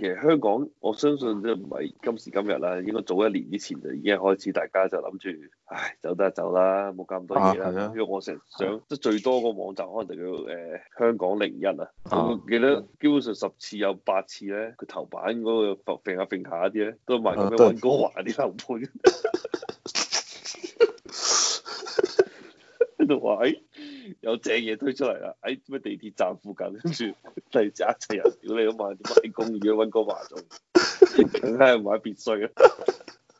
其實香港，我相信即係唔係今時今日啦，應該早一年之前就已經開始，大家就諗住，唉，走得走啦，冇咁多嘢啦。啊、因為我成日想，即係最多個網站可能就叫誒香港零一啊。啊我記得基本上十次有八次咧，佢頭版嗰個揈、啊、下揈下啲咧，都賣咁樣溫哥華啲樓盤。喺度話有正嘢推出嚟啦！喺、哎、咩地鐵站附近跟住嚟集一齊人屌你啊嘛！點解喺公園揾個麻雀，梗 係買別墅啊。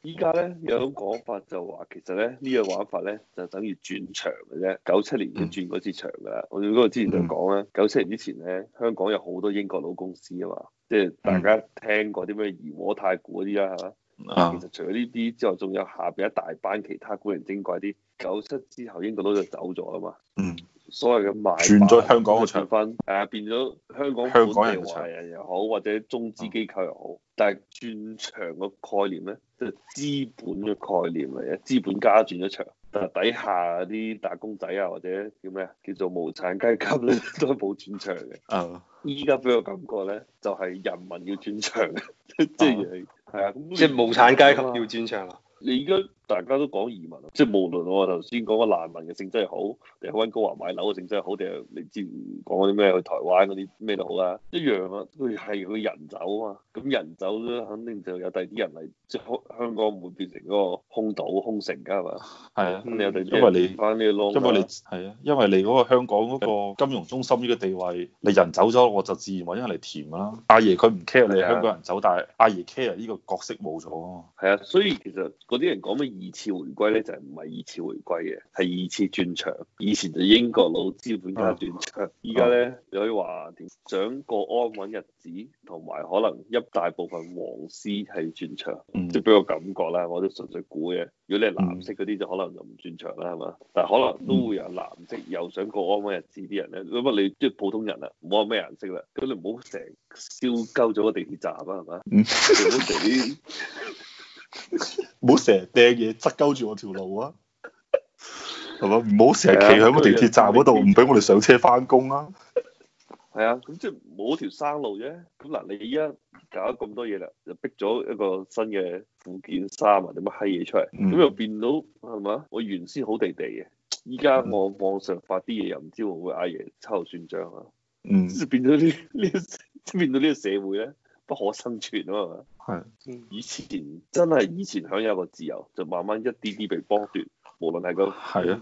依家咧有種講法就話，其實咧呢樣、這個、玩法咧就等於轉場嘅啫。九七年已經轉過嗰次場噶啦。我哋嗰個之前就講啦，九七年之前咧，香港有好多英國佬公司啊嘛，即係大家聽過啲咩怡和太古嗰啲啦，係嘛？啊！其實除咗呢啲之外，仲有下邊一大班其他古靈精怪啲。九七之後，英國佬就走咗啊嘛。嗯。所謂嘅賣。轉咗香港嘅場。分，誒變咗香港本地人又好，或者中資機構又好，啊、但係轉場嘅概念咧，即係、資本嘅概念嚟嘅，資本家轉咗場，但係底下啲打工仔啊，或者叫咩啊，叫做無產階級咧，都冇轉場嘅。啊。依家俾我感覺咧，就係、是、人民要轉場，即係。係啊， 即係無產階級要專場啦，嗯嗯，你而家。大家都講移民，即係無論我頭先講個難民嘅性質係好，定去温哥華買樓嘅性質係好，定係你知講嗰啲咩去台灣嗰啲咩都好啦？一樣啊，佢係佢人走啊嘛，咁人走咗肯定就有第二啲人嚟，即係香港唔會變成嗰個空島、空城㗎係嘛？係啊，因為你因為你係啊，因為你嗰個香港嗰個金融中心呢個地位，你人走咗，我就自然揾人嚟填啦。阿爺佢唔 care 你香港人走，啊、但係阿爺 care 呢個角色冇咗啊。係啊，所以其實嗰啲人講乜二次回歸咧，就係唔係二次回歸嘅，係二次轉場。以前就英國佬資本家轉場，依家咧你可以話想過安穩日子，同埋可能一大部分黃絲係轉場，即係俾我感覺啦。我都純粹估嘅。如果你係藍色嗰啲，mm hmm. 就可能就唔轉場啦，係嘛？但係可能都會有藍色、mm hmm. 又想過安穩日子啲人咧。咁乜你即係普通人啊，唔好話咩顏色啦。咁你唔好成燒鳩咗個地鐵站啊，係嘛？ 唔好成日掟嘢執鳩住我條路啊，係嘛？ 唔好成日企喺個地鐵站嗰度，唔俾 我哋上車翻工啊！係 啊，咁即係冇條生路啫。咁嗱，你依家搞咗咁多嘢啦，就逼咗一個新嘅附件衫啊，點樣閪嘢出嚟？咁、mm. 又變到係嘛？我原先好地地嘅，依家我網上發啲嘢又唔知會唔會阿爺秋後算賬啊？嗯，即係、mm. 變到呢呢，即 係變到呢個社會咧。不可生存啊嘛，係的以前真係，以前享有個自由，就慢慢一啲啲被剝奪。無論係個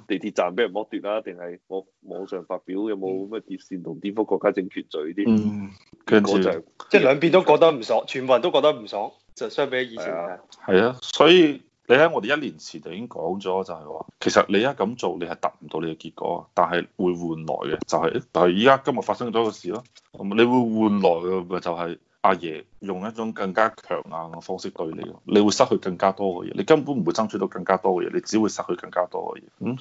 地鐵站俾人剝奪啦，定係我網上發表有冇咩折線同顛覆國家政權罪啲，嗯，嗰就即係兩邊都覺得唔爽，全部人都覺得唔爽，就相比起以前係啊的的，所以。你喺我哋一年前就已經講咗，就係話，其實你一咁做，你係達唔到你嘅結果，但係會換來嘅就係，但係依家今日發生咗個事咯。咁你會換來嘅咪就係阿爺用一種更加強硬嘅方式對你咯，你會失去更加多嘅嘢，你根本唔會爭取到更加多嘅嘢，你只會失去更加多嘅嘢、嗯。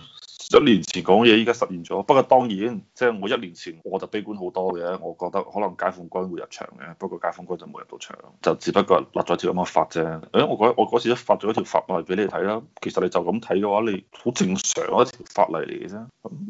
一年前講嘢，依家實現咗。不過當然，即、就、係、是、我一年前我就悲觀好多嘅。我覺得可能解放軍會入場嘅，不過解放軍就冇入到場，就只不過立咗條咁嘅法啫。誒、哎，我覺得我嗰次都發咗一條法例俾你睇啦。其實你就咁睇嘅話，你好正常、啊、一條法例嚟嘅啫。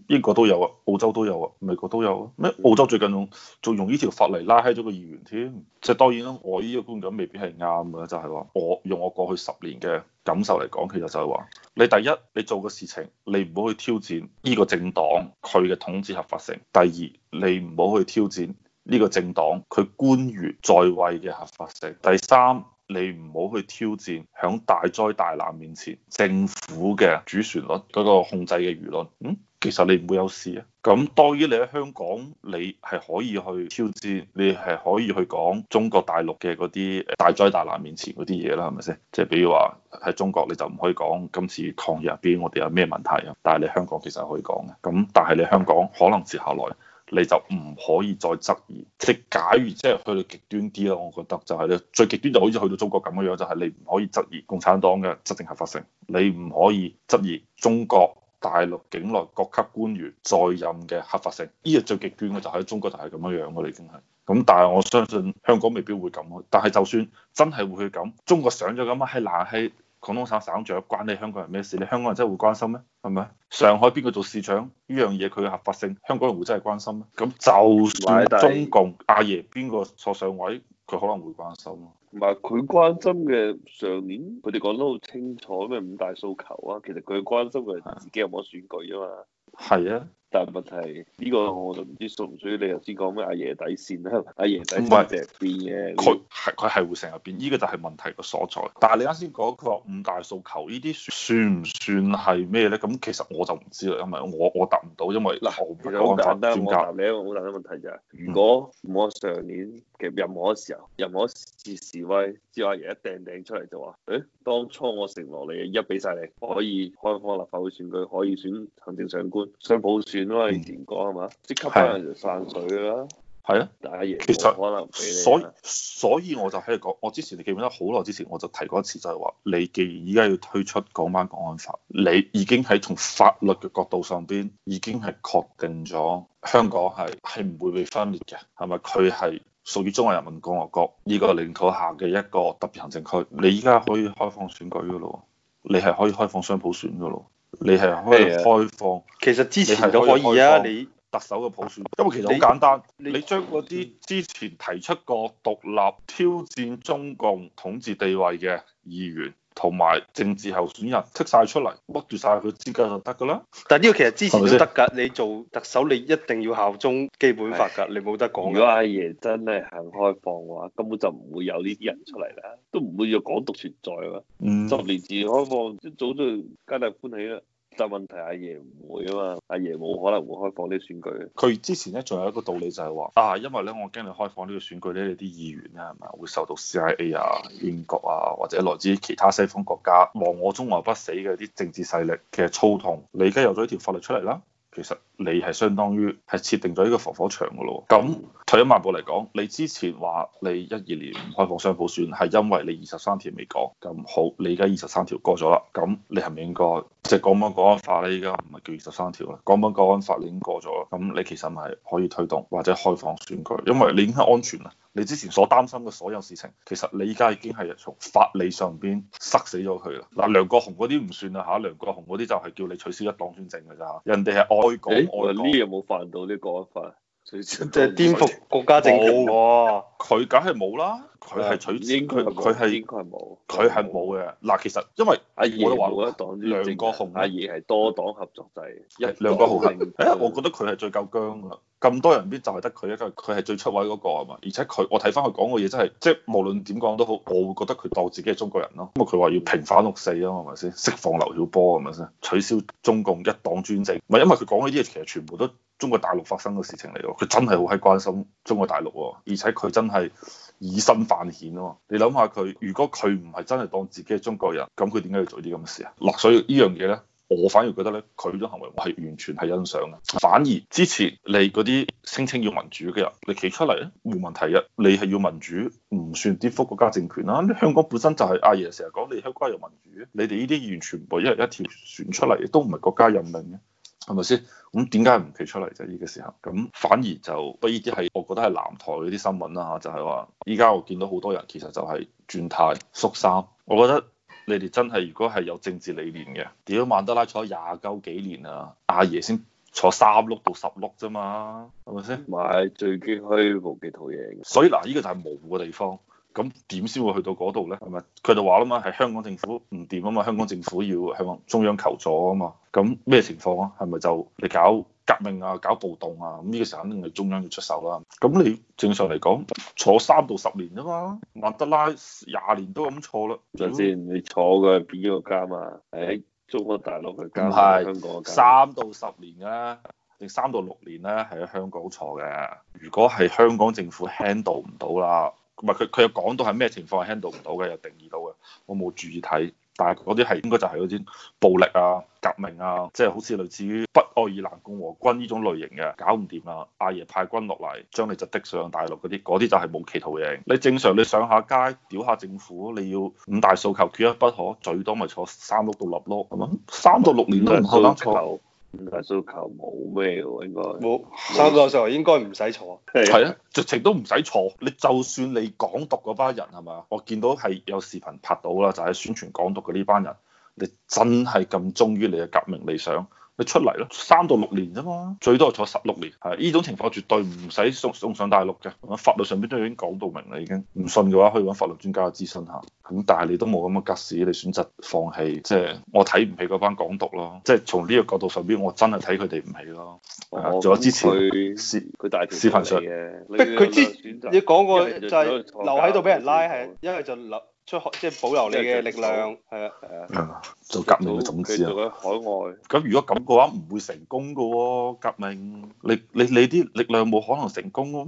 英國都有啊，澳洲都有啊，美國都有咩？澳洲最近仲仲用呢條法例拉開咗個議員添。即係當然啦，我依個觀感未必係啱嘅，就係、是、話我用我過去十年嘅。感受嚟講，其實就係話你第一，你做嘅事情，你唔好去挑戰呢個政黨佢嘅統治合法性；第二，你唔好去挑戰呢個政黨佢官員在位嘅合法性；第三。你唔好去挑戰喺大災大難面前政府嘅主旋律嗰個控制嘅輿論，嗯，其實你唔會有事啊。咁等於你喺香港，你係可以去挑戰，你係可以去講中國大陸嘅嗰啲大災大難面前嗰啲嘢啦，係咪先？即係比如話喺中國你就唔可以講今次抗疫入邊我哋有咩問題啊，但係你香港其實可以講嘅。咁但係你香港可能接下來。你就唔可以再質疑，即係假如即係去到極端啲啦，我覺得就係、是、咧，最極端就好似去到中國咁嘅樣，就係、是、你唔可以質疑共產黨嘅執政合法性，你唔可以質疑中國大陸境內各級官員在任嘅合法性，呢個最極端嘅就喺、是、中國就係咁樣樣咯，已經係。咁但係我相信香港未必會咁咯，但係就算真係會去咁，中國想咗咁啊，係嗱係。廣東省省長關你香港人咩事？你香港人真係會關心咩？係咪上海邊個做市長？呢樣嘢佢嘅合法性，香港人會真係關心咩？咁就算中共塞阿爺邊個坐上位，佢可能會關心咯。唔係，佢關心嘅上年，佢哋講得好清楚咩五大訴求啊？其實佢關心嘅係自己有冇選舉啊嘛。係啊。但問題呢個我就唔知屬唔屬於你頭先講咩阿爺底線啦，阿爺底線成日變嘅，佢係佢係會成日變，呢個就係問題個所在。但係你啱先講個五大訴求，算算呢啲算唔算係咩咧？咁其實我就唔知啦，因為我我答唔到，因為嗱我唔夠時間我答你一個好大嘅問題就係，如果我上年。嗯其實任何時候，任何時示威之，只要阿爺一掟掟出嚟就話：誒、欸，當初我承諾你，一俾晒你，可以開放立法會選舉，可以選行政長官，商普選咯，連江係嘛？即刻可能就散水啦，係啊、嗯！但係阿爺冇實可能唔俾你，所以所以我就喺度講，我之前你記唔記得好耐之前我就提過一次，就係、是、話：你既然依家要推出港版國安法，你已經喺從法律嘅角度上邊已經係確定咗香港係係唔會被分裂嘅，係咪？佢係。屬於中華人民共和國呢個領土下嘅一個特別行政區，你依家可以開放選舉噶咯，你係可以開放雙普選噶咯，你係可以開放，其實之前都可以啊，你特首嘅普選，因為其實好簡單，你，你，你將嗰啲之前提出過獨立挑戰中共統治地位嘅議員。同埋政治候選人剔晒出嚟，剝住晒佢資格就得㗎啦。但係呢個其實之前都得㗎，才你做特首你一定要效忠基本法㗎，的你冇得講，如果阿爺真係行開放嘅話，根本就唔會有呢啲人出嚟啦，都唔會有港獨存在啦。十年、嗯、自由開放，一早都加大歡喜啦。但問題阿爺唔會啊嘛，阿爺冇可能會開放啲選舉。佢之前咧仲有一個道理就係話，啊，因為咧我驚你開放呢個選舉咧，你啲議員啊，係咪會受到 CIA 啊、英國啊，或者來自其他西方國家亡我中華不死嘅啲政治勢力嘅操縱？你而家有咗呢條法律出嚟啦。其實你係相當於係設定咗呢個防火牆嘅咯。咁退一萬步嚟講，你之前話你一二年唔開放雙普選係因為你二十三條未過。咁好，你而家二十三條過咗啦。咁你係咪係應該即係《港版國安法》咧？依家唔係叫二十三條啦，《港版國安法》你已經過咗啦。咁你其實咪可以推動或者開放選舉，因為你已經係安全啦。你之前所擔心嘅所有事情，其實你依家已經係從法理上面塞死咗佢啦。嗱，梁國雄嗰啲唔算啦吓，梁國雄嗰啲就係叫你取消一黨專政㗎咋。人哋係愛港愛港。呢、欸、國有冇犯到呢個法？就係顛覆國家政權，啊。喎，佢梗係冇啦，佢係取消佢佢係佢係冇嘅。嗱，其實因為阿二都話過一黨，說政政兩個紅，阿二係多黨合作制，嗯、一兩個紅。誒、嗯，我覺得佢係最夠姜啊！咁多人邊就係得佢一個，佢係最出位嗰、那個係嘛？而且佢我睇翻佢講嘅嘢真係，即係無論點講都好，我會覺得佢當自己係中國人咯。咁佢話要平反六四啊嘛，係咪先釋放劉曉波啊，係咪先取消中共一黨專政。唔係因為佢講呢啲嘢，其實全部都，中國大陸發生嘅事情嚟咯，佢真係好喺關心中國大陸喎，而且佢真係以身犯險咯。你諗下佢，如果佢唔係真係當自己係中國人，咁佢點解要做啲咁嘅事啊？嗱，所以依樣嘢咧，我反而覺得咧，佢種行為我係完全係欣賞嘅。反而支持你嗰啲聲稱要民主嘅人，你企出嚟啊，冇問題啊，你係要民主，唔算顛覆國家政權啦。香港本身就係阿爺成日講，你香港有民主，你哋呢啲完全唔係一人一條船出嚟，亦都唔係國家任命嘅。係咪先？咁點解唔企出嚟啫？呢個時候，咁反而就不依啲係我覺得係南台嗰啲新聞啦嚇，就係話依家我見到好多人其實就係轉態縮三。我覺得你哋真係如果係有政治理念嘅，屌曼德拉坐廿九幾年啊，阿爺先坐三碌到十碌啫嘛，係咪先？唔最驚佢冇幾套嘢，所以嗱呢個就係模糊嘅地方。咁點先會去到嗰度咧？係咪佢就話啦嘛？係香港政府唔掂啊嘛！香港政府要向中央求助啊嘛！咁咩情況啊？係咪就你搞革命啊、搞暴動啊？咁呢個時候肯定係中央要出手啦。咁你正常嚟講，坐三到十年啫嘛。曼德拉廿年都咁坐啦。等先，你坐嘅係邊個監啊？係喺中國大陸嘅監，唔係香港嘅監。三到十年啊？定三到六年咧？啊，係喺香港坐嘅。如果係香港政府 handle 唔到啦。唔係，佢佢又講到係咩情況 handle 唔到嘅，又定義到嘅，我冇注意睇。但係嗰啲係應該就係嗰啲暴力啊、革命啊，即係好似類似於北愛爾蘭共和軍呢種類型嘅，搞唔掂啦。阿爺派軍落嚟，將你就滴上大陸嗰啲，嗰啲就係冇前途嘅嘢。你正常你上下街屌下政府，你要五大訴求缺一不可，最多咪坐三載到六載咯。咁啊，三到六年都唔可能。咁大需求冇咩喎，應該冇三個十號應該唔使坐，係 啊，直情都唔使坐。你就算你港獨嗰班人係嘛，我見到係有視頻拍到啦，就係、是、宣傳港獨嘅呢班人，你真係咁忠於你嘅革命理想。你出嚟咯，三到六年啫嘛，最多係坐十六年，係呢種情況絕對唔使送送上大陸嘅，法律上邊都已經講到明啦，已經唔信嘅話可以揾法律專家去諮詢下。咁但係你都冇咁嘅吉事，你選擇放棄，即係我睇唔起嗰班港獨咯，即係從呢個角度上邊，我真係睇佢哋唔起咯。哦，仲有之前佢、哦嗯、大庭視頻上逼佢之前你講過，過就係留喺度俾人拉，係因為就留。出即係保留你嘅力量，係啊，誒，做革命嘅總之啊，佢做喺海外。咁如果咁嘅話，唔會成功嘅喎、啊、革命。你你你啲力量冇可能成功咁、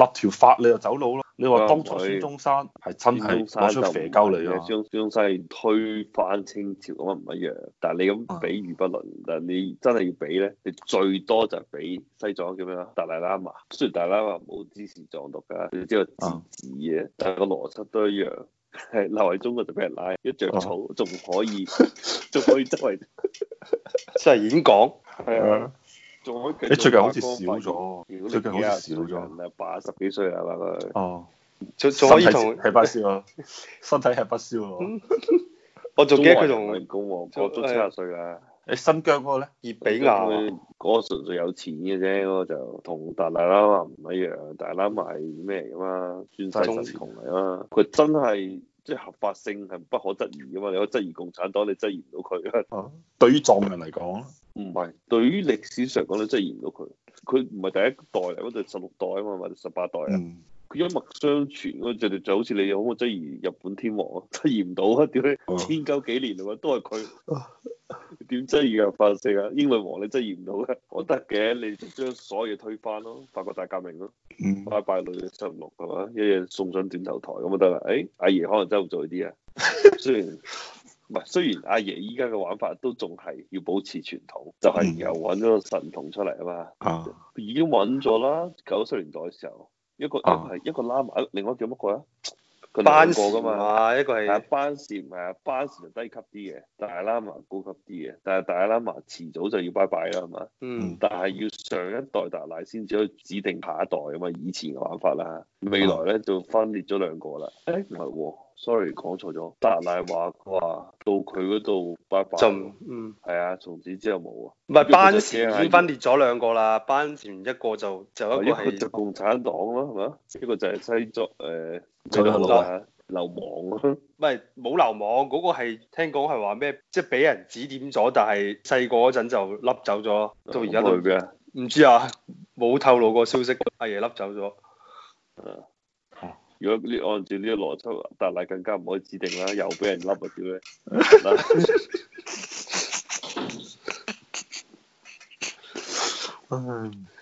啊、立條法你就走佬咯。你話當初孫中山係真係攞出邪教嚟嘅。將孫中山推翻清朝咁樣唔一樣，但係你咁比喻不論，但係你真係要比咧，你最多就係比西藏叫咩啊？達賴喇嘛。雖然達賴喇嘛冇支持藏獨㗎，你知道自治嘅，但係個邏輯都一樣。係留喺中國就俾人拉，一着草仲可以，仲可以周圍周圍演講，係啊， 仲你 最近好似少咗，最近好似少咗。八十幾歲啊嘛佢，哦，仲可以仲係不燒啊，身體係不燒啊。燒我仲記得佢仲高旺， 過咗七十歲啊。你新疆嗰個咧？熱比亞嗰、啊、個純粹有錢嘅啫，嗰、那個、就同達賴喇嘛唔一樣。達賴喇嘛咪咩嚟噶嘛？轉世靈童嚟啊！佢真係即係合法性係不可質疑噶嘛？你可質疑共產黨，你質疑唔到佢、啊。對於藏人嚟講，唔係對於歷史上嚟講，你真係質疑唔到佢。佢唔係第一代嚟嗰度，十六代啊嘛，或者十八代啊。嗯佢一脈相傳咯，就就就好似你有冇質疑日本天皇啊？質疑唔到啊！點解？千九、uh. 幾年啦，都係佢點質疑嘅、啊、法西啊？英倫王你質疑唔到嘅、啊，我得嘅，你將所有嘢推翻咯、啊，法國大革命咯、啊，嗯、拜拜女七五六係嘛，一嘢送上斷頭台咁啊得啦！誒、欸，阿爺可能真係做啲啊， 雖然唔係，雖然阿爺依家嘅玩法都仲係要保持傳統，就係又揾咗個神童出嚟啊嘛，嗯、已經揾咗啦，九十年代嘅時，時候。一個係、啊、一個喇嘛，另外個叫乜鬼啊？個兩個噶嘛，一個係班禪，咪班禪就低級啲嘅，但大喇嘛高級啲嘅，但係大喇嘛遲早就要拜拜啦，係嘛？嗯，但係要上一代達賴先至可以指定下一代啊嘛，以前嘅玩法啦，未來咧就分裂咗兩個啦。誒、欸，唔係 Sorry 講錯咗，達賴話話到佢嗰度拜拜，就嗯，係啊，從此之後冇啊。唔係是班禪已經分裂咗兩個啦，班禪一個就就一個係。一個就共產黨咯，係嘛？一個就係、啊、西藏誒、啊啊，流亡啊。唔係冇流亡，嗰、那個係聽講係話咩？即係俾人指點咗，但係細個嗰陣就笠走咗，到而家都唔知啊，冇透露過消息。阿爺笠走咗，嗯。啊如果呢按照呢個邏輯，但係更加唔可以指定啦，又俾人笠啊，點咧？